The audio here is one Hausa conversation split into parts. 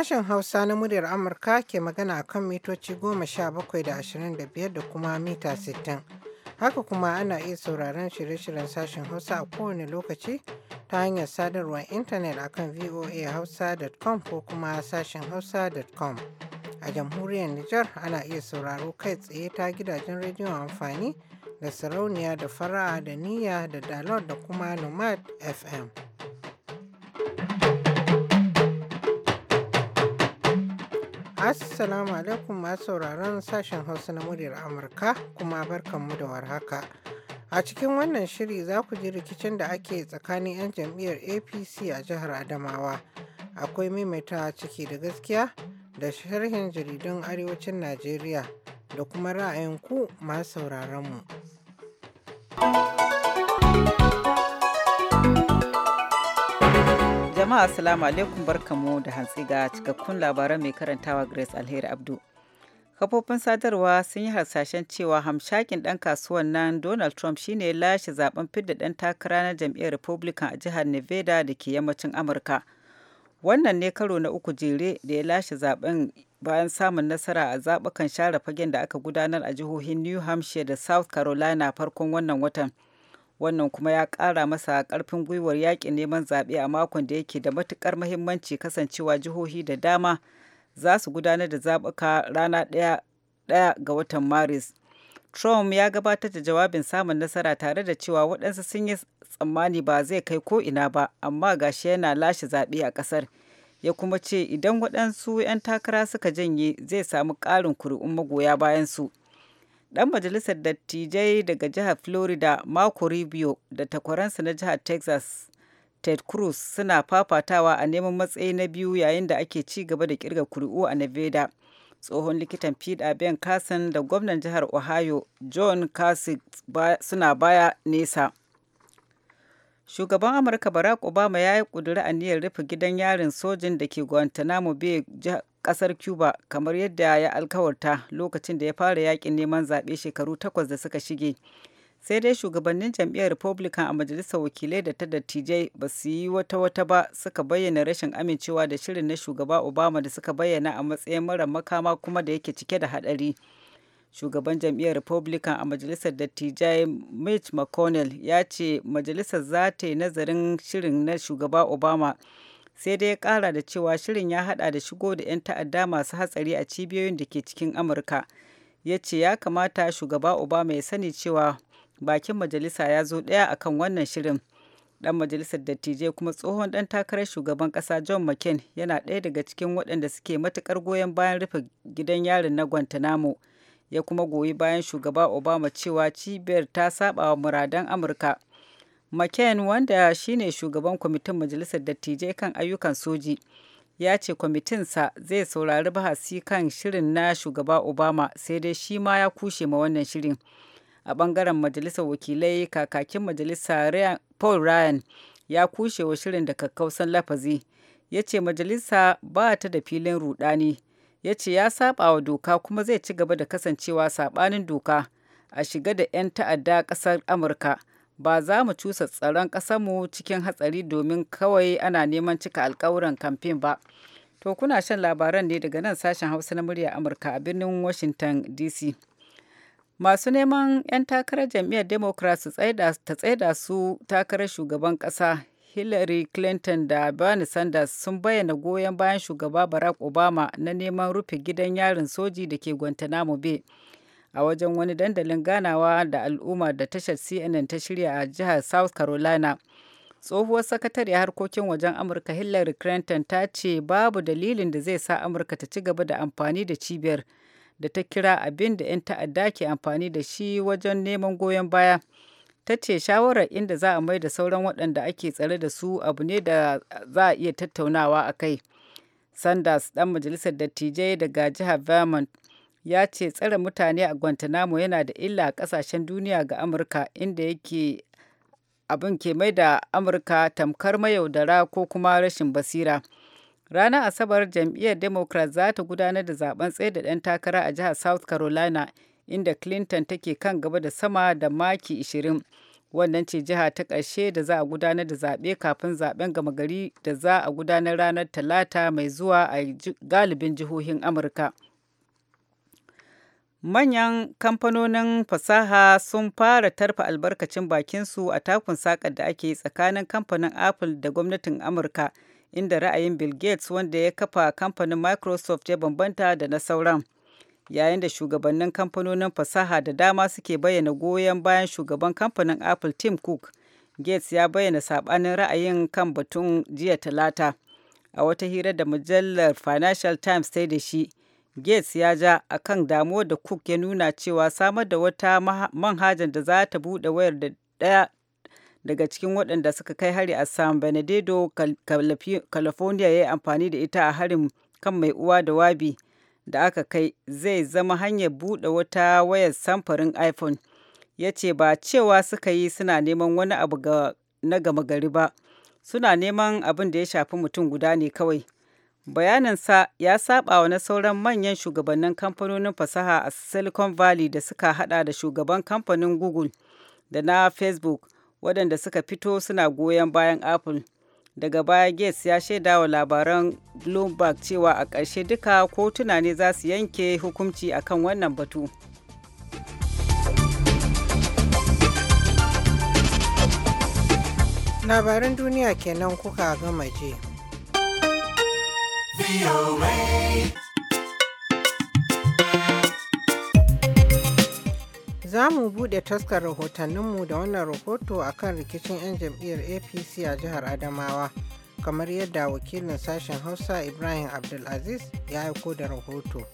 Sashen Hausa na muryar Amurka ke magana a kan mitoci goma sha bakwai da ashirin da biyar da kuma mita sittin. Haka kuma ana iya sauraron shirye-shiryen sashen Hausa a kowane lokaci ta hanyar sadarwar intanet a kan voahausa.com ko kuma sashen hausa.com. A jamhuriyar Nijar ana iya sauraro kai tsaye ta gidajen rediyon amfani da sarauniya da fara'a da niyya da dalot da kuma nomad FM. Assalamu alaikum masu sauraron sashen Hausa na muryar Amurka kuma barkanmu da warhaka. A cikin wannan shiri za ku ji rikicin da ake tsakanin 'yan jam'iyyar APC a jihar Adamawa. Akwai maimaita ciki da gaskiya da sharhin jaridun arewacin Najeriya da kuma ra'ayin ku masu sauraronmu. mu. jama'a assalamu alaikum barkamu da hantsi ga cikakkun labaran mai karantawa grace alheri abdu kafofin sadarwa sun yi hasashen cewa hamshakin ɗan kasuwan nan donald trump shine ya lashe zaben fidda ɗan takara na jam'iyyar republican a jihar nevada da ke yammacin amurka wannan ne karo na uku jere da ya lashe zaben bayan samun nasara a zabukan share fagen da aka gudanar a jihohin new hampshire da south carolina farkon wannan watan wannan kuma ya kara masa karfin gwiwar yakin neman zaɓe a makon da yake da matukar mahimmanci kasancewa jihohi da dama za su gudanar da zaɓuka rana ɗaya ga watan maris trump ya gabatar da jawabin samun nasara tare da cewa waɗansu sun yi tsammani ba zai kai ko ina ba amma gashi yana lashe zaɓe a ƙasar ya kuma ce idan waɗansu 'yan takara suka janye zai samu ƙarin kuri'un magoya bayan su. dan majalisar dattijai daga jihar florida marco rubio da takwaransa na jihar texas ted cruz suna fafatawa a neman matsayi na biyu yayin da ake ci gaba da kirga kuri'u a nevada tsohon likitan pida ben carson da gwamnan jihar ohio john kasich suna baya nesa shugaban amurka barack obama ya yi kuduri aniyar rufe gidan yarin sojin da ke guantanamo bay kasar cuba kamar yadda ya alkawarta lokacin da ya fara yakin neman zaɓe shekaru takwas da suka shige sai dai shugabannin jam'iyyar republican a majalisar wakilai da ta dattijai ba su yi wata wata ba suka bayyana rashin amincewa da shirin na shugaba obama da suka bayyana a matsayin mara makama kuma da yake cike da haɗari shugaban jam'iyyar republican a majalisar dattijai mitch mcconnell ya ce majalisar za ta yi nazarin shirin na shugaba obama sai dai ya kara da cewa shirin ya hada da shigo da 'yan ta'adda masu hatsari a cibiyoyin da ke cikin amurka ya ce ya kamata shugaba obama ya sani cewa bakin majalisa ya zo ɗaya akan wannan shirin dan majalisar dattijai kuma tsohon dan takarar shugaban kasa john mccain yana daya daga cikin waɗanda suke matukar goyon bayan rufe gidan yarin na guantanamo ya kuma goyi bayan shugaba obama cewa cibiyar ta saba wa muradan amurka mccain wanda shine shugaban kwamitin majalisar dattijai kan ayyukan soji ya ce kwamitinsa zai saurari bahasi kan shirin na shugaba obama sai dai shi ma ya kushe ma wannan shirin a bangaren majalisar wakilai kakakin majalisa paul ryan ya kushe wa shirin da kakkausan lafazi ya ce majalisa ba ta da filin rudani ya ce ya saba wa doka kuma zai ci gaba da kasancewa sabanin doka a shiga da 'yan ta'adda ƙasar amurka ba za mu cusa tsaron ƙasarmu cikin hatsari domin kawai ana neman cika alkawuran kamfen ba. To kuna shan labaran ne daga nan sashen Hausa na murya Amurka a birnin Washington DC. Masu neman 'yan takarar jam'iyyar Democrat ta tsaida su takarar shugaban ƙasa Hillary Clinton da Bernie Sanders sun bayyana goyon bayan shugaba Barack Obama na neman rufe gidan yarin soji da ke Guantanamo Bay. a wajen wani dandalin ganawa da al'umma da tashar CNN ta shirya a jihar South Carolina. Tsohuwar sakatare harkokin wajen Amurka Hillary Clinton ta ce babu dalilin da zai sa Amurka ta ci gaba da amfani da cibiyar da ta kira abin da 'yan ta'adda ke amfani da shi wajen neman goyon baya. ta ce shawarar inda za a mai da sauran waɗanda ake tsare da su abu ne da za a iya tattaunawa a kai sanders ɗan majalisar dattijai daga jihar vermont ya ce tsare mutane a guantanamo yana da illa a kasashen duniya ga amurka inda yake abin ke mai da amurka tamkar mayaudara ko kuma rashin basira ranar asabar jam'iyyar democrat za ta gudanar da zaben tsaye da ɗan takara a jihar south carolina inda clinton take kan gaba da sama da maki 20 wannan ce jiha ta karshe da za a gudanar da zaɓe kafin zaɓen gama gari da za a gudanar ranar talata mai zuwa a galibin jihohin amurka Manyan kamfanonin fasaha sun fara tarfa albarkacin bakinsu a takun sakar da ake tsakanin kamfanin Apple da gwamnatin Amurka, inda ra'ayin Bill Gates wanda ya kafa kamfanin Microsoft ya bambanta da na sauran. Yayin da shugabannin kamfanonin fasaha da dama suke bayyana goyon bayan shugaban kamfanin Apple Tim Cook, Gates ya bayyana saɓanin ra'ayin kan batun jiya Talata. A wata hira da mujallar Financial Times ta da shi, Gates ya ja a kan damuwar da Cook ya nuna cewa samar da wata manhajar da za ta buɗe wayar da ɗaya daga cikin waɗanda suka kai hari a San Bernardino, California ya yi amfani da ita a harin kan mai uwa da wabi da aka kai zai zama hanyar buɗe wata wayar samfurin iPhone. Ya ce ba cewa suka yi suna neman wani abu na gama gari ba, suna neman abin da ya shafi mutum guda ne kawai. bayaninsa ya wa na sauran manyan shugabannin kamfanonin fasaha a silicon valley da suka hada da shugaban kamfanin google da na facebook waɗanda suka fito suna goyon bayan apple daga baya gates ya shaida wa labaran bloomberg cewa a ƙarshe duka kotuna ne za su yanke hukunci akan wannan batu labaran duniya kenan kuka gama je. za mu buɗe taskar rahotanninmu da wannan rahoto a kan rikicin 'yan jam'iyyar apc a jihar adamawa kamar yadda wakilin sashen hausa ibrahim abdulaziz ya aiko da rahoto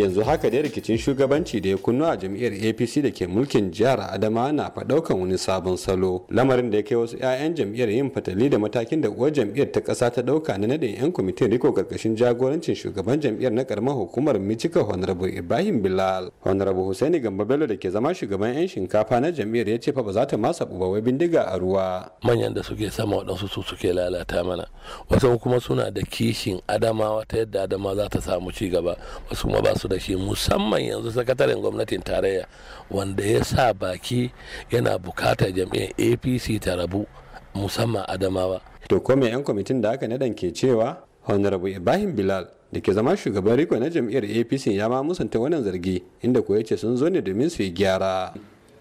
yanzu haka dai rikicin shugabanci da ya kunno a jam'iyyar apc da ke mulkin jihar adama na faɗaukan wani sabon salo lamarin da ya kai wasu 'ya'yan jam'iyyar yin fatali da matakin da uwar jam'iyyar ta kasa ta ɗauka na naɗin 'yan kwamitin riko ƙarƙashin jagorancin shugaban jam'iyyar na ƙaramar hukumar micika honorable ibrahim bilal honorable husaini gamba bello da ke zama shugaban 'yan shinkafa na jam'iyyar ya ce fa ba za ta masa buba wai bindiga a ruwa manyan da suke sama waɗansu su suke lalata mana wasu kuma suna da kishin adamawa ta yadda adama za ta samu ci gaba wasu kuma ba su su da shi musamman yanzu sakataren gwamnatin tarayya wanda ya sa baki yana bukatar jami'an apc ta rabu musamman adamawa to kome 'yan kwamitin da aka nadan ke cewa honorable ibrahim bilal da ke zama shugaban riko na jam'iyyar apc ya ma musanta wannan zargi inda ko yace sun zo ne domin su yi gyara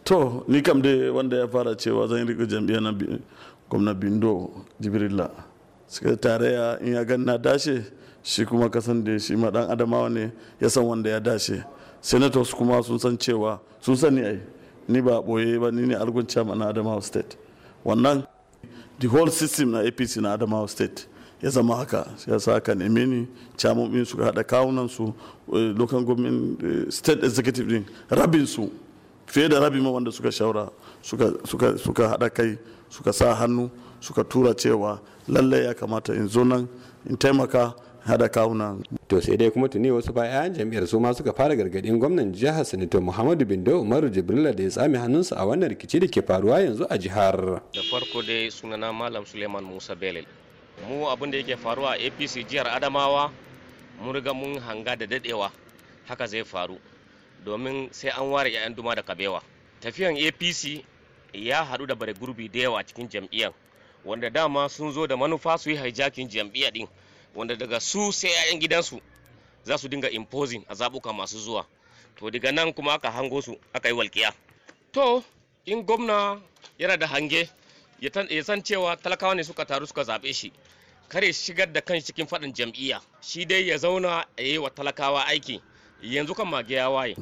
to ni kam dai wanda ya fara cewa zan riko jam'iyyar na gwamna bindo jibrilla suka tarayya in ya ganna dashe shi kuma kasan da shi ma dan adamawa ne ya san wanda ya dace senators kuma sun san cewa sun sani ai ni ba boye ba ni ne argun chairman na adamawa state wannan the whole system na apc na adamawa state ya zama haka ya sa haka neme ni camomin su hada kawunan su eh, local government eh, state executive din rabin su fiye da rabin ma wanda suka shaura suka haɗa kai suka sa hannu suka tura cewa lallai ya kamata in zo nan in taimaka hada kawuna to sai dai kuma tuni wasu bayan jam'iyyar su ma suka fara gargadin gwamnan jihar Sanito muhammadu bindo umaru jibrila da ya tsami hannunsa a wannan rikici da ke faruwa yanzu a jihar da farko dai sunana malam suleiman musa Belil. mu abin da yake faruwa a apc jihar adamawa mun riga mun hanga da dadewa haka zai faru domin sai an ware 'ya'yan duma da kabewa tafiyan apc ya haɗu da bare gurbi da yawa cikin jam'iyyar wanda dama sun zo da manufa su yi hijacking jam'iyyar din wanda daga su sai 'ya'yan gidansu za su dinga imposing a zabuka masu zuwa to daga nan kuma aka hango su aka yi walƙiya to in gwamna yana da hange ya san cewa talakawa ne suka taru suka zaɓe shi kare shigar da kan cikin faɗin jam'iyya shi dai ya zauna ya yi wa talakawa aiki yanzu kan magiya waye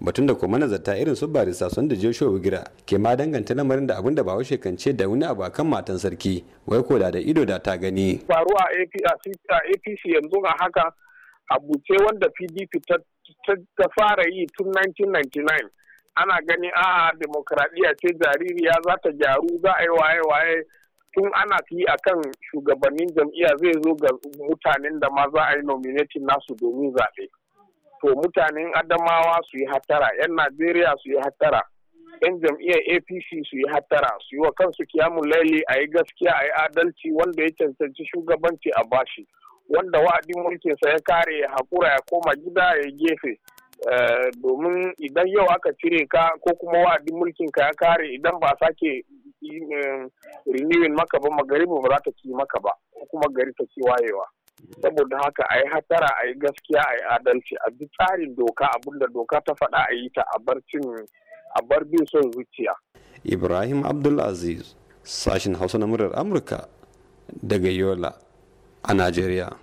batun da kuma nazarta irin su barista sun da joshua wigira ke ma danganta lamarin da abin da ba washe kance da wani abu akan matan sarki wai ko da da ido da ta gani faruwa a apc yanzu ga haka abu ce wanda pdp ta fara yi tun 1999 ana gani a demokradiyya ce jaririya za ta gyaru za a yi waye-waye tun ana fi a kan shugabannin jam'iyya zai zo ga mutanen da ma za a yi nominatin nasu domin zaɓe ko mutanen adamawa su yi hattara 'yan najeriya su yi hattara 'yan jam'iyyar apc su yi hattara su yi wa kansu kiyamun laili a yi gaskiya a yi adalci wanda ya cancanci shugabanci a bashi wanda wa'adin mulkinsa ya kare ya haƙura ya koma gida ya gefe eh, domin idan yau aka cire ka ko kuma wa'adin mulkin ka ya kare idan ba sake eh, renewing maka ba magariba ba za ta ci maka ba ko kuma gari ta ci wayewa saboda haka a yi hatara a yi gaskiya a yi adalci a bi tsarin doka abinda doka ta faɗa a yi ta a bar a bar bin son zuciya ibrahim abdulaziz sashin hausa na murar amurka daga yola a najeriya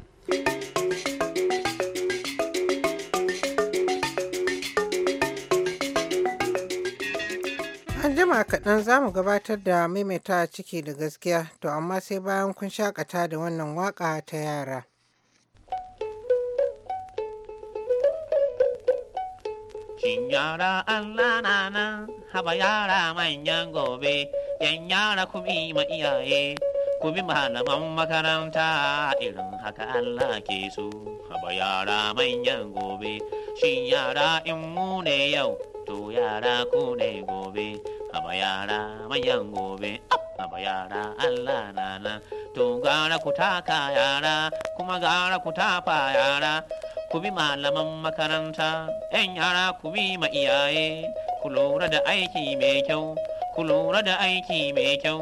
an jima kaɗan za mu gabatar da maimaita ciki da gaskiya to amma sai bayan kun shakata da wannan waka ta yara. Shin yara Allah na nan haba yara manyan gobe, yan yara ku bi ma iyaye, ku bi malaman makaranta irin haka Allah ke so. Haba yara manyan gobe, shin yara in mu ne yau, to yara ku ne gobe. Abayara yara abayara gobe to gara ku yara kuma gara ku yara ku bi malaman makaranta 'yan yara ku bi ma iyaye Kulura da aiki mai kyau kulura da aiki mai kyau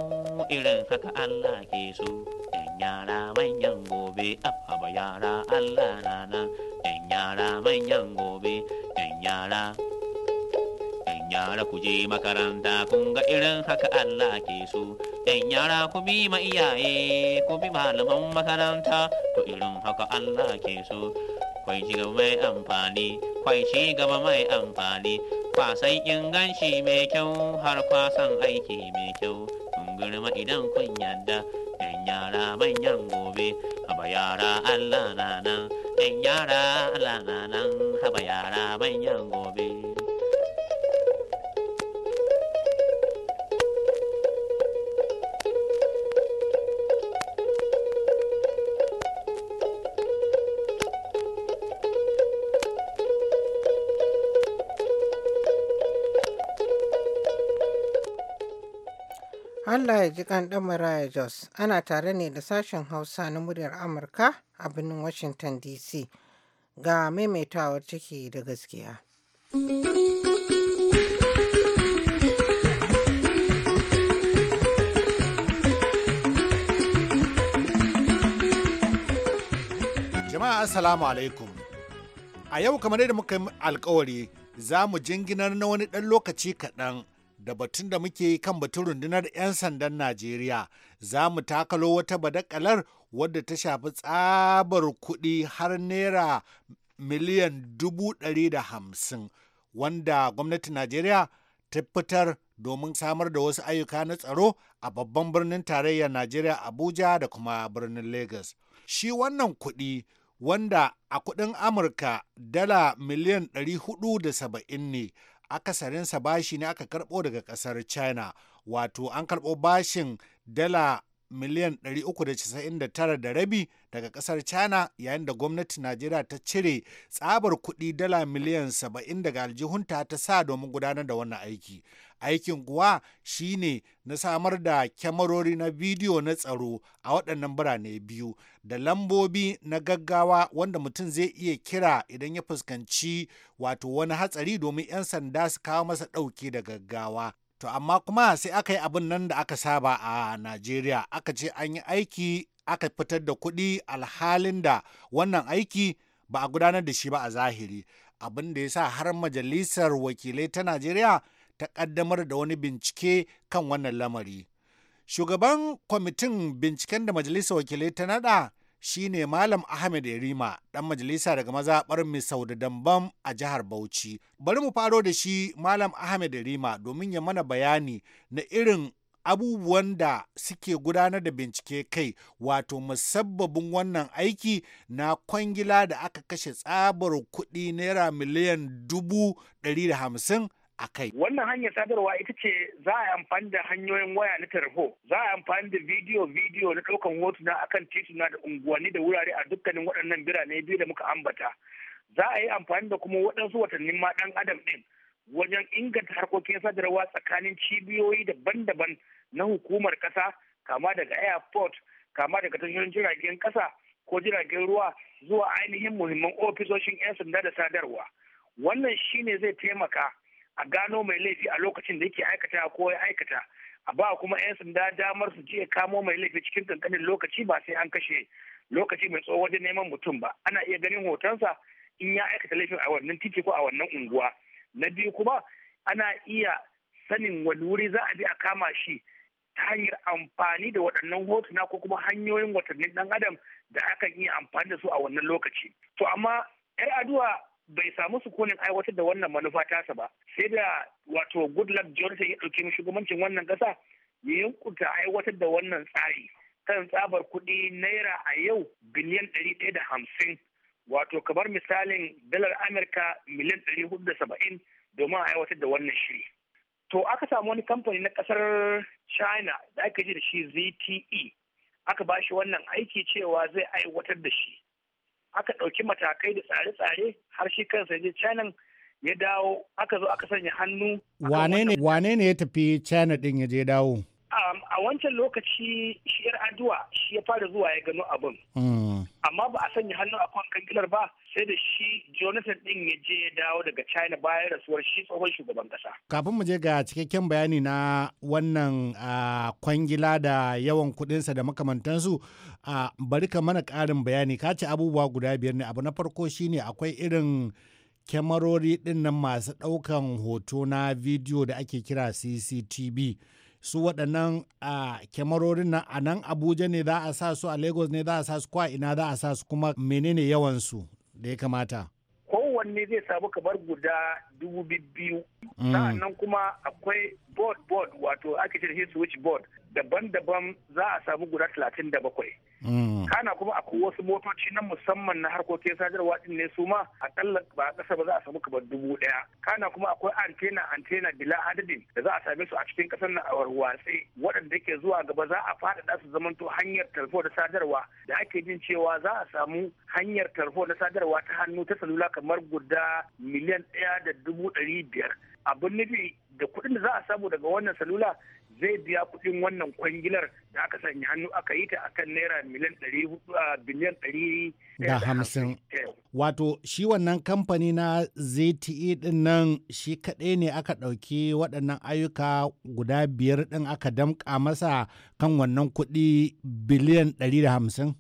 irin haka Allah ke so yan yara manyan gobe abayara yara yan yara manyan gobe yan yara yara ku je makaranta kun ga irin haka Allah ke so yan yara ku bi ma iyaye ku bi malaman makaranta to irin haka Allah ke so kwai ci gaba mai amfani kwai ci gaba mai amfani kwasan inganci mai kyau har kwasan aiki mai kyau kun girma idan kun yadda yan yara manyan gobe haba yara Allah na nan yan yara Allah na nan haba yara manyan gobe Allah ya ji kan Maraya Jos ana tare ne da sashen Hausa na muryar Amurka a birnin Washington DC ga maimaitawar ciki da gaskiya. Jama'a Assalamu alaikum. A yau kamar yadda muka yi alkawari za mu jinginar na wani ɗan lokaci kaɗan da batun da muke yi kan batun rundunar 'yan sandan Najeriya za mu takalo wata badakalar wadda ta shafi tsabar kuɗi har naira miliyan dubu ɗari da hamsin wanda gwamnatin Najeriya ta fitar domin samar da wasu ayyuka na tsaro a babban birnin tarayyar Najeriya Abuja da kuma birnin Lagos. Shi wannan kuɗi wanda a kuɗin Amurka dala miliyan 470 ne akasarinsa bashi ne aka karɓo daga ƙasar china wato an karɓo bashin dala miliyan 399 da rabi daga kasar china yayin da gwamnati najeriya ta cire tsabar kuɗi dala miliyan 70 daga aljihunta ta sa domin gudanar da wannan aiki aikin kuwa shine na samar da kyamarori na bidiyo na tsaro a waɗannan birane biyu da lambobi na gaggawa wanda mutum zai iya kira idan ya fuskanci wato wani hatsari domin 'yan sanda su kawo masa ɗauke da gaggawa To amma kuma sai aka yi abin nan da aka saba a Najeriya aka ce an yi aiki aka fitar da kuɗi alhalin da wannan aiki ba a gudanar da shi ba a zahiri abin da ya sa har majalisar wakilai ta Najeriya ta ƙaddamar da wani bincike kan wannan lamari. Shugaban kwamitin binciken da majalisar wakilai ta nada shine Malam Ahmed Yarima ɗan majalisa daga mazaɓar Misau da Dambam a jihar Bauchi. Bari mu faro da shi Malam Ahmed Yarima domin ya mana bayani na irin abubuwan da suke gudanar da bincike kai wato musabbabin wannan aiki na kwangila da aka kashe tsabar kuɗi naira miliyan dubu ɗari da hamsin a kai. Wannan hanyar sadarwa ita ce za a yi amfani da hanyoyin waya na tarho, za a amfani da bidiyo bidiyo na ɗaukan hotuna a kan tituna da unguwanni da wurare a dukkanin waɗannan birane biyu da muka ambata. Za a yi amfani da kuma waɗansu watannin ma ɗan adam ɗin wajen inganta harkokin sadarwa tsakanin cibiyoyi daban-daban na hukumar ƙasa kama daga airport kama daga tashoshin jiragen ƙasa ko jiragen ruwa zuwa ainihin muhimman ofisoshin 'yan sanda da sadarwa. Wannan shine zai taimaka a gano mai laifi a lokacin da yake aikata ko ya aikata a ba kuma 'yan sanda damar su je kamo mai laifi cikin kankanin lokaci ba sai an kashe lokaci mai tsawo wajen neman mutum ba ana iya ganin hotonsa in ya aikata laifin a wannan titi ko a wannan unguwa na biyu kuma ana iya sanin wani wuri za a bi a kama shi ta hanyar amfani da waɗannan hotuna ko kuma hanyoyin watannin ɗan adam da akan iya amfani da su a wannan lokaci to amma yar aduwa bai samu sukunin aiwatar da wannan manufa tasa ba sai da wato goodluck johnson ya ɗauki shugabancin wannan ƙasa ya yankuta aiwatar da wannan tsari kan tsabar kuɗi naira a yau biliyan ɗari ɗaya da hamsin wato kamar misalin dalar amurka miliyan ɗari hudu da saba'in domin aiwatar da wannan shiri to aka samu wani kamfani na ƙasar china da aka ji da shi zte aka ba shi wannan aiki cewa zai aiwatar da shi aka ɗauki matakai da tsare-tsare har shi kansa je china ya dawo aka zo aka sanya hannu wane ne ya tafi china ɗin ya je dawo wancan lokaci shi yar aduwa shi ya fara zuwa ya gano abin hmm. amma ba a sanya hannu a kan kangilar ba sai da shi jonathan din ya je ya dawo daga china bayan rasuwar shi tsohon shugaban kasa kafin mu je ga cikakken bayani na wannan kwangila da yawan kudinsa da makamantansu bari ka mana karin bayani ka ce abubuwa guda biyar ne abu na farko shine akwai irin kyamarori dinnan masu daukan hoto na bidiyo da ake kira cctv su waɗannan a kyamarorin nan a nan abuja ne za a sa su a lagos ne za a sa su kwa ina za a sa su kuma menene yawan su da ya kamata kowanne zai samu kamar guda dubu biyu mm. sa'annan kuma akwai board board wato ake ce switch board daban-daban za a samu guda talatin da bakwai. Mm. Kana kuma a wasu motoci na musamman na harkokin sadarwa din ne su ma kalla ba a ƙasa ba za a samu kamar dubu ɗaya. Kana kuma akwai antena antena bila adadin da za a same su a cikin ƙasar na awar watsi. waɗanda ke zuwa gaba za a faɗaɗa su zamanto hanyar talfo da sadarwa da ake jin cewa za a samu hanyar talfo da sadarwa ta hannu ta salula kamar guda miliyan ɗaya da dubu ɗari biyar. Abin nufi da kuɗin da za a samu daga wannan salula zai biya kuɗin wannan kwangilar da aka sanya hannu aka yi ta akan naira miliyan ɗari hudu a biliyan ɗari da hamsin. Eh. Wato shi wannan kamfani na ZTE ɗin nan shi kaɗai ne aka ɗauki waɗannan ayyuka guda biyar ɗin aka damƙa masa kan wannan kuɗi biliyan ɗari da hamsin?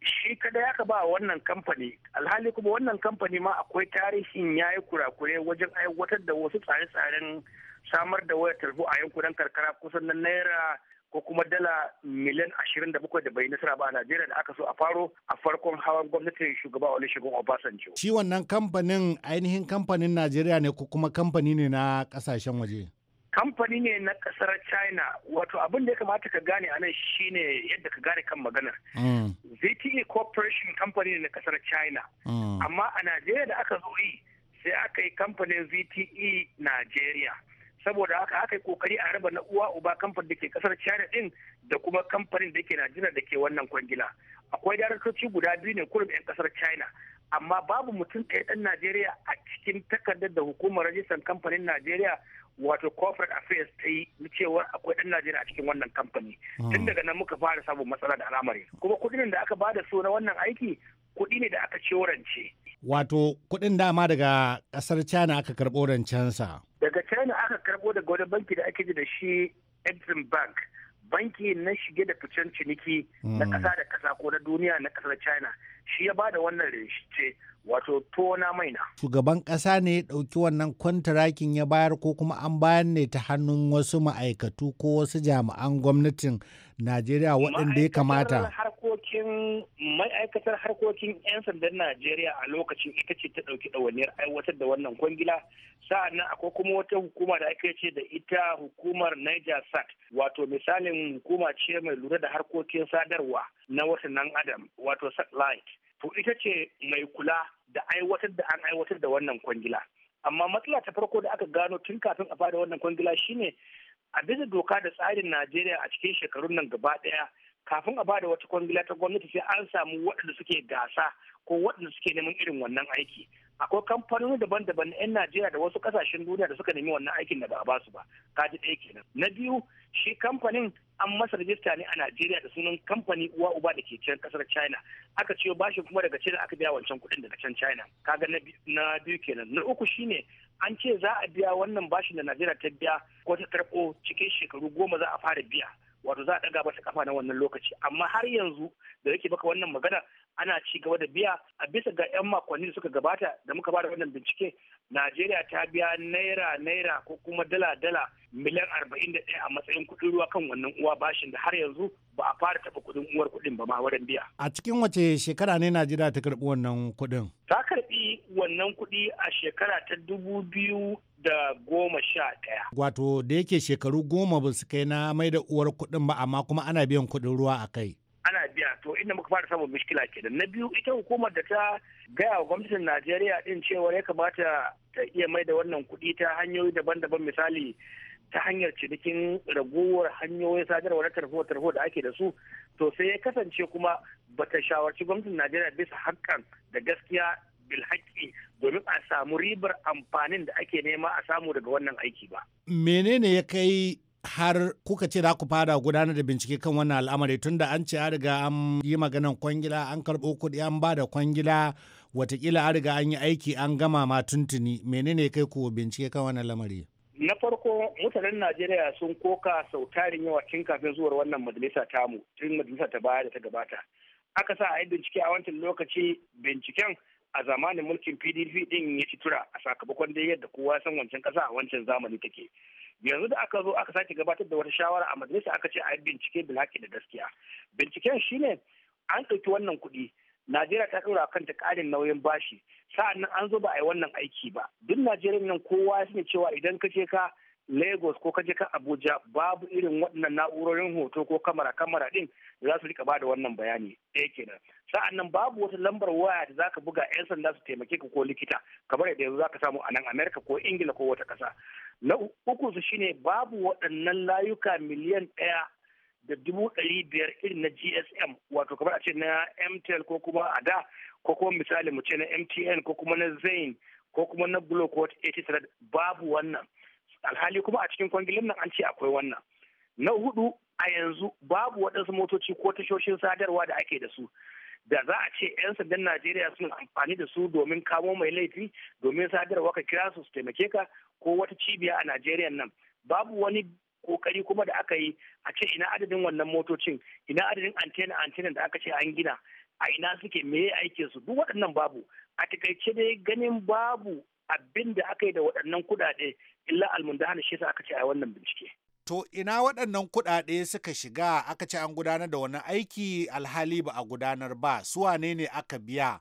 shi kaɗai aka ba wannan kamfani alhali kuma wannan kamfani ma akwai tarihin yayi yi kurakure wajen aiwatar da wasu tsare-tsaren samar da wayar tarho a yankunan karkara kusan na naira ko kuma dala miliyan ashirin da bakwai da bai nasara ba a Najeriya da aka so a faro a farkon hawan gwamnatin shugaba Olusegun Obasanjo. Shi wannan kamfanin ainihin kamfanin Najeriya ne ko kuma kamfani ne na kasashen waje? Kamfani ne na kasar China wato abin da ya kamata ka gane anan shine yadda ka gane kan maganar. ZTE mm. Corporation kamfani ne na kasar China. Mm. Amma a Najeriya da aka zo yi sai aka yi kamfanin ZTE Najeriya. saboda haka aka yi kokari a raba na uwa uba kamfanin da ke kasar china din da kuma kamfanin da ke najeriya da ke wannan kwangila akwai daraktoci guda biyu ne kurum 'yan kasar china amma babu mutum ɗaya ɗan najeriya a cikin takardar da hukumar rajistan kamfanin najeriya wato corporate affairs ta yi cewar akwai ɗan najeriya a cikin wannan kamfani hmm. tun daga nan muka fara samun matsala da al'amari kuma kuɗin da aka ba da su na wannan aiki kuɗi ne da aka ciwo rance wato kuɗin dama daga ƙasar china aka karɓo rancensa daga china karbo daga wani banki da ake ji da shi exim bank banki na shige da ficen ciniki na hmm. ƙasa da kasa ko na duniya na ƙasar china shi ya bada wannan rishice wato tona na. shugaban ƙasa ne ya ɗauki wannan kwantarakin ya bayar ko kuma an bayan ne ta hannun wasu ma'aikatu ko wasu jami'an gwamnatin najeriya waɗanda ya kamata cikin ma'aikatar harkokin 'yan sandan najeriya a lokacin ita ce ta ɗauki ɗawainiyar aiwatar da wannan kwangila nan akwai kuma wata hukuma da ake ce da ita hukumar niger sat wato misalin hukuma ce mai lura da harkokin sadarwa na wasu nan adam wato satellite to ita ce mai kula da aiwatar da an aiwatar da wannan kwangila amma matsala ta farko da aka gano tun kafin a fara wannan kwangila shine a bisa doka da tsarin najeriya a cikin shekarun nan gaba ɗaya kafin a bada wata kwangila ta gwamnati sai an samu waɗanda suke gasa ko waɗanda suke neman irin wannan aiki akwai kamfanoni daban-daban na 'yan najeriya da wasu kasashen duniya da suka nemi wannan aikin da ba a ba su ba kaji ɗaya kenan na biyu shi kamfanin an masa rajista ne a najeriya da sunan kamfani uwa uba da ke can kasar china aka ciwo bashin kuma daga china aka biya wancan kuɗin daga can china kaga na biyu kenan na uku shine an ce za a biya wannan bashin da najeriya ta biya ko ta karɓo cikin shekaru goma za a fara biya wato za a ɗaga mata kafa na wannan lokaci amma har yanzu da yake baka wannan magana ana ci gaba da biya a bisa ga 'yan makonni da suka gabata da muka bada wannan bincike najeriya ta biya naira naira ko kuma dala dala miliyan arba'in da ɗaya a matsayin kuɗin ruwa kan wannan uwa bashin da har yanzu ba a fara taɓa kuɗin uwar kuɗin ba ma wurin biya. a cikin wace shekara ne najeriya ta karɓi wannan kuɗin. ta karɓi wannan kuɗi a shekara ta dubu biyu da goma sha ɗaya. Wato da yake shekaru goma ba su kai na mai da uwar kuɗin ba amma kuma ana biyan kuɗin ruwa a kai. Ana biya to inda muka fara samun mishkila ke Na biyu ita hukumar da ta gaya wa gwamnatin Najeriya din cewar ya kamata ta iya mai da wannan kuɗi ta hanyoyi daban-daban misali ta hanyar cinikin ragowar hanyoyin sadarwa na tarho-tarho da ake da su to sai ya kasance kuma bata shawarci gwamnatin Najeriya bisa hakan da gaskiya bilhaƙi domin a samu ribar amfanin da ake nema a samu daga wannan aiki ba. Menene ya kai har kuka ce za ku fara gudanar da bincike kan wannan al'amari tun da an ce an riga an yi maganan kwangila an karɓo kuɗi an ba da kwangila watakila an riga an yi aiki an gama ma tuntuni menene kai ku bincike kan wannan lamari. na farko mutanen najeriya sun koka sau tarin yawa tun kafin zuwar wannan majalisa tamu tun majalisa ta baya da ta gabata aka sa a yi bincike a wancan lokaci binciken a zamanin mulkin pdp din ya ci tura a sakamakon dai yadda kowa san wancan kasa a wancan zamani take yanzu da aka zo aka sake gabatar da wata shawara a majalisa aka ce a yi bincike laki da gaskiya binciken shine an ɗauki wannan kuɗi najeriya ta ɗora ta ƙarin nauyin bashi sa'annan an zo ba a yi wannan aiki ba duk najeriya nan kowa ya sani cewa idan ka je ka lagos ko ka je ka abuja babu irin waɗannan na'urorin hoto ko kamara kamara din da za su rika bada wannan bayani ɗaya kenan sa'an nan babu wata lambar waya da zaka buga 'yan sanda su taimake ka ko likita kamar yadda yanzu zaka samu a nan amerika ko ingila ko wata ƙasa na uku su shine babu waɗannan layuka miliyan ɗaya da dubu ɗari biyar irin na gsm wato kamar a ce na MTL ko kuma a da ko kuma misali mu ce na mtn ko kuma na zain ko kuma na glo ko babu wannan alhali kuma a cikin kwangilin nan an ce akwai wannan na hudu a yanzu babu waɗansu motoci ko tashoshin sadarwa da ake da su da za a ce 'yan sandan najeriya suna amfani da su domin kamo mai laifi domin sadarwa ka kira su su taimake ka ko wata cibiya a najeriya nan babu wani kokari kuma da aka yi a ce ina adadin wannan motocin ina adadin antena antena da aka ce an gina a ina suke me aike su duk waɗannan babu a takaice dai ganin babu abin da aka yi da waɗannan kuɗaɗe illa almundahan shi aka ce a wannan bincike to ina waɗannan kuɗaɗe suka shiga aka ce an gudanar da wani aiki alhali ba a gudanar ba su wane ne aka biya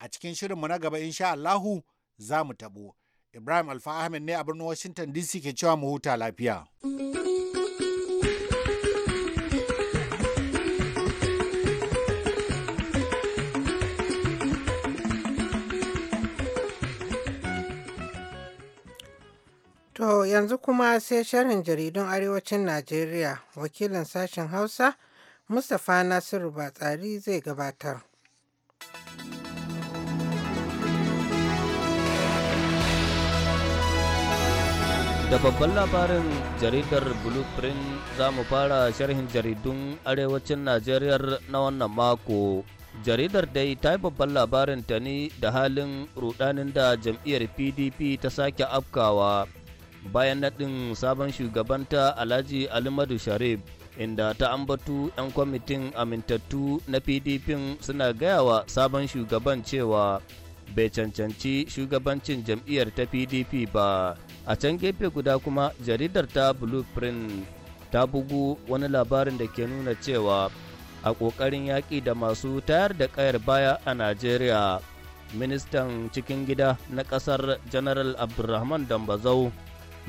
a cikin shirinmu na gaba insha Allahu za mu tabo Ibrahim Alfa Ahmed ne a birnin Washington DC ke cewa mu huta lafiya. To yanzu kuma sai sharhin jaridun Arewacin Najeriya wakilin sashen Hausa Mustapha Nasiru Batsari zai gabatar. Da babban labarin jaridar Blueprint za mu fara sharhin jaridun arewacin Najeriya na wannan mako. Jaridar dai ta yi babban labarin ta ne da halin rudanin da jam'iyyar PDP ta sake afkawa bayan naɗin sabon shugabanta alhaji alimadu sharif inda ta ambatu 'yan kwamitin amintattu na pdp suna gayawa sabon shugaban cewa bai cancanci shugabancin jam'iyyar ta pdp ba a can gefe guda kuma jaridar ta blueprint ta bugu wani labarin da ke nuna cewa a ƙoƙarin yaƙi da masu tayar da ƙayar baya a najeriya ministan cikin gida na ƙasar general abdulrahman dambazau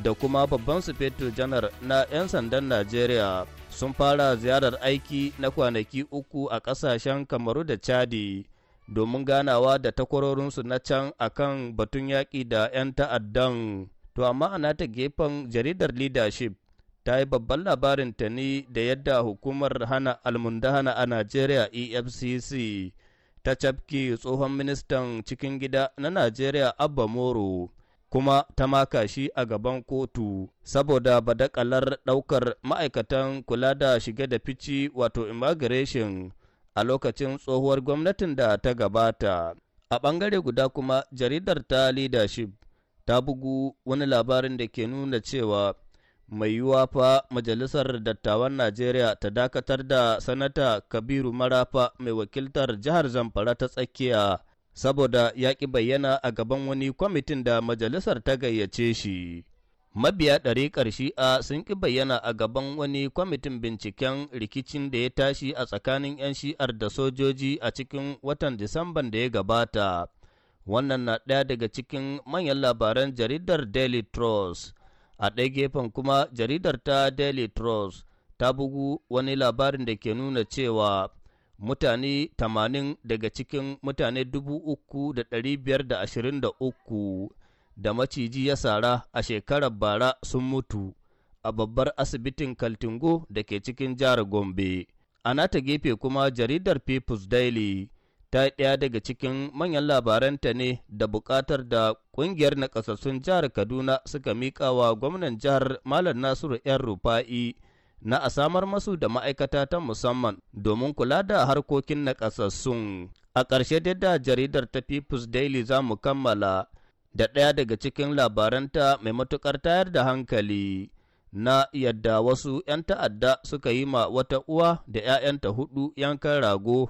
da kuma babban sufeto janar na 'yan sandan Najeriya sun fara ziyarar aiki na kwanaki uku a ƙasashen kamaru da Chadi domin ganawa da takwarorinsu na can akan batun yaƙi da 'yan ta'addan. To amma ana ta gefen jaridar leadership ta yi babban labarin ta ni da yadda hukumar hana almundahana a Najeriya EFCC ta cafke tsohon ministan cikin gida na Najeriya Abba Moro. kuma ta maka shi a gaban kotu saboda badakalar ɗaukar ma'aikatan kula da shige da fici wato immigration a lokacin tsohuwar gwamnatin da ta gabata. A bangare guda kuma jaridar ta leadership ta bugu wani labarin da ke nuna cewa mai yiwuwa fa majalisar dattawan Najeriya ta dakatar da sanata Kabiru Marafa mai wakiltar jihar Zamfara ta tsakiya saboda ya ƙi bayyana a gaban wani kwamitin da majalisar ta gayyace shi. Mabiya ɗari ƙarshi a sun ƙi bayyana a gaban wani kwamitin binciken rikicin da ya tashi a tsakanin 'yan shi'ar da sojoji a cikin watan Disamban da ya gabata. Wannan na ɗaya daga cikin manyan labaran jaridar Daily Trust. A ɗaya gefen kuma jaridar ta Daily Trust ta bugu wani labarin da ke nuna cewa mutane tamanin daga cikin mutane dubu uku da ɗari biyar da ashirin da uku da maciji ya sara a shekarar bara sun mutu a babbar asibitin Kaltingo da ke cikin jihar Gombe. A nata gefe kuma jaridar People's Daily ta yi ɗaya daga cikin manyan labaranta ne da buƙatar da ƙungiyar nakasassun jihar Kaduna suka miƙa wa gwamnan jihar Malam Nasiru 'yan Rufa'i. na a samar masu da ma'aikata ta musamman domin kula da harkokin nakasassun. A ƙarshe dai da jaridar ta People's Daily za mu kammala da ɗaya daga cikin labaranta mai matuƙar tayar da hankali na yadda wasu 'yan ta'adda suka yi ma wata uwa da 'ya'yanta hudu yankan rago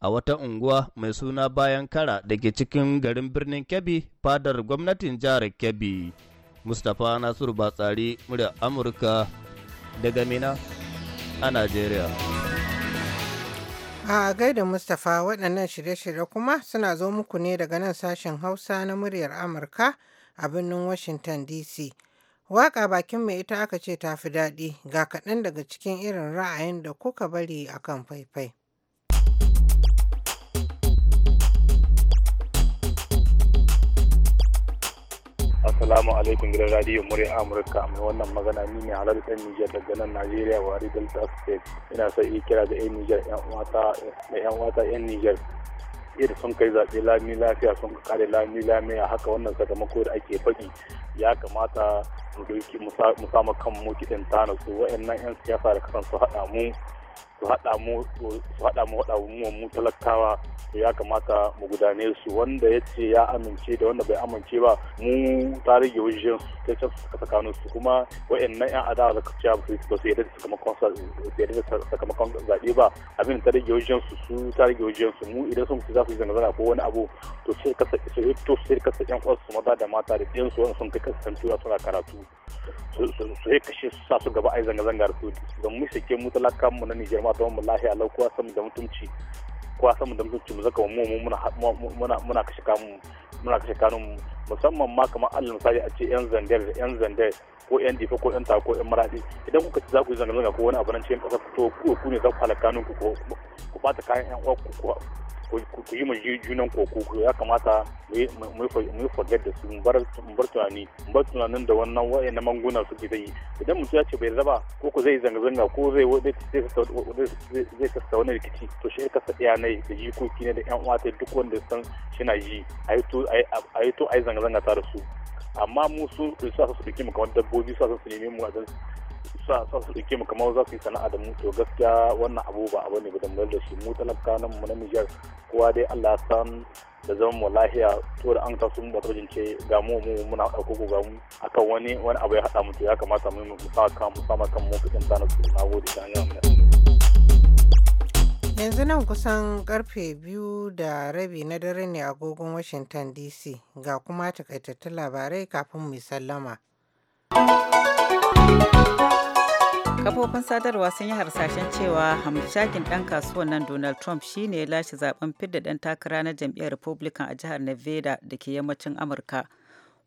a wata unguwa mai suna bayan kara da cikin garin birnin Kebbi fadar gwamnatin jihar Kebbi. Mustapha Nasiru Batsari, murya Amurka daga Mina a Najeriya. A gaida Mustapha waɗannan shirye-shirye kuma suna zo muku ne daga nan sashen Hausa na muryar Amurka a birnin Washington DC. Waƙa bakin mai ita aka ce tafi daɗi ga kaɗan daga cikin irin ra'ayin da kuka bari a kan faifai. Assalamu alaikum gidan radiyo murya Amurka mai wannan magana ni ne halar ɗan Nijar daga nan Najeriya Buhari Delta State ina sai yi kira ga 'yan Nijar 'yan wata da 'yan wata 'yan Nijar yadda sun kai zaɓe lami lafiya sun kare lami lamiya haka wannan sakamako da ake faɗi ya kamata mu ɗauki mu kan mu tana su wa'annan 'yan siyasa da kasan su haɗa mu su haɗa mu waɗa mu talakawa ya kamata mu gudane su wanda ya ce ya amince da wanda bai amince ba mu tarihi wajen ta can suka tsakanin su kuma wa'annan yan adawa da kacciya ba su yarda da sakamakon zaɓe ba abin tarihi wajen su su tarihi wajen su mu idan sun za su yi zanga-zanga ko wani abu to sai kasa to sai kasa yan maza da mata da ɗiyan su wanda sun kai kasancewa suna karatu su sai kashe su sa su gaba a yi zanga da su da mu sake mu talakawa mu na Nijar kamata mu lahiya lau kowa samu da mutunci kowa samu da mutunci mu zaka mu muna muna kashe kamun muna kashe kanun musamman ma kamar Allah misali a ce yan zandar yan zandar ko yan difa ko yan ta ko yan maradi idan kuka ci za ku yi zanga zanga ko wani abu nan cikin kasar to ku ne za ku halaka ku ku bata kayan yan uwa ku ku yi ma junan koko ya kamata mu yi forget da su bar tunani bar tunanin da wannan wa'annan manguna suke zai yi idan mutum ya ce bai raba ko ko zai zanga-zanga ko zai zai kasta wani rikici to shi kasa na yi da ko kine da yan uwata duk wanda san na ji a yi to a yi zanga-zanga tare su amma mu su su su su mu kamar dabbobi su su nemi mu a sa sa su dake mu kamar za su yi sana'a da mu to gaskiya wannan abu ba abu ne da mu da shi mu talaka nan mu na Niger kowa dai Allah ya san da zaman mu lahiya to da an ka sun ba ce ga mu mu muna dauko ko ga mu akan wani wani abu ya hada mu to ya kamata mu mu sa kan mu ma kan mu kitan da na su gode da yawa yanzu nan kusan karfe biyu da rabi na dare ne a agogon washington dc ga kuma takaitattun labarai kafin mu sallama kafofin sadarwa sun yi harsashen cewa hamshakin ɗan kasuwan nan donald trump shine ya lashe zaben fidda ɗan takara na jam'iyyar republican a jihar nevada da ke yammacin amurka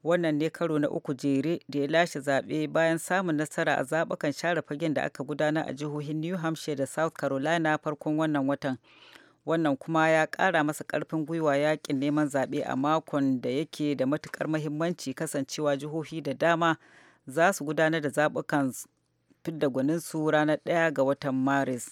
wannan ne karo na uku jere da ya lashe zaɓe bayan samun nasara a zaɓukan share fagen da aka gudana a jihohin new hampshire da south carolina farkon wannan watan wannan kuma ya ƙara masa ƙarfin gwiwa yakin neman zaɓe a makon da yake da matuƙar mahimmanci kasancewa jihohi da dama za su gudanar da zaɓukan fidda gwaninsu ranar 1 ga watan maris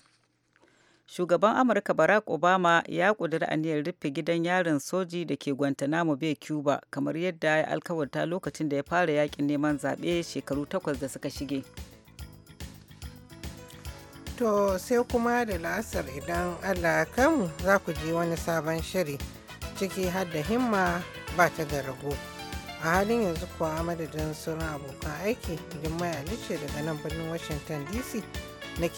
shugaban amurka barack obama ya ƙudiri aniyar rufe gidan yarin soji da ke guantanamo bay cuba kamar yadda ya alkawarta lokacin da ya fara yakin neman zaɓe shekaru takwas da suka shige to sai kuma da la'asar idan allah kanmu za ku ji wani sabon shiri ciki har da himma ba ta da rago. a halin yanzu kuwa amadadin madadin sauran abokan aiki jimmai mai ce daga nan birnin washington dc nake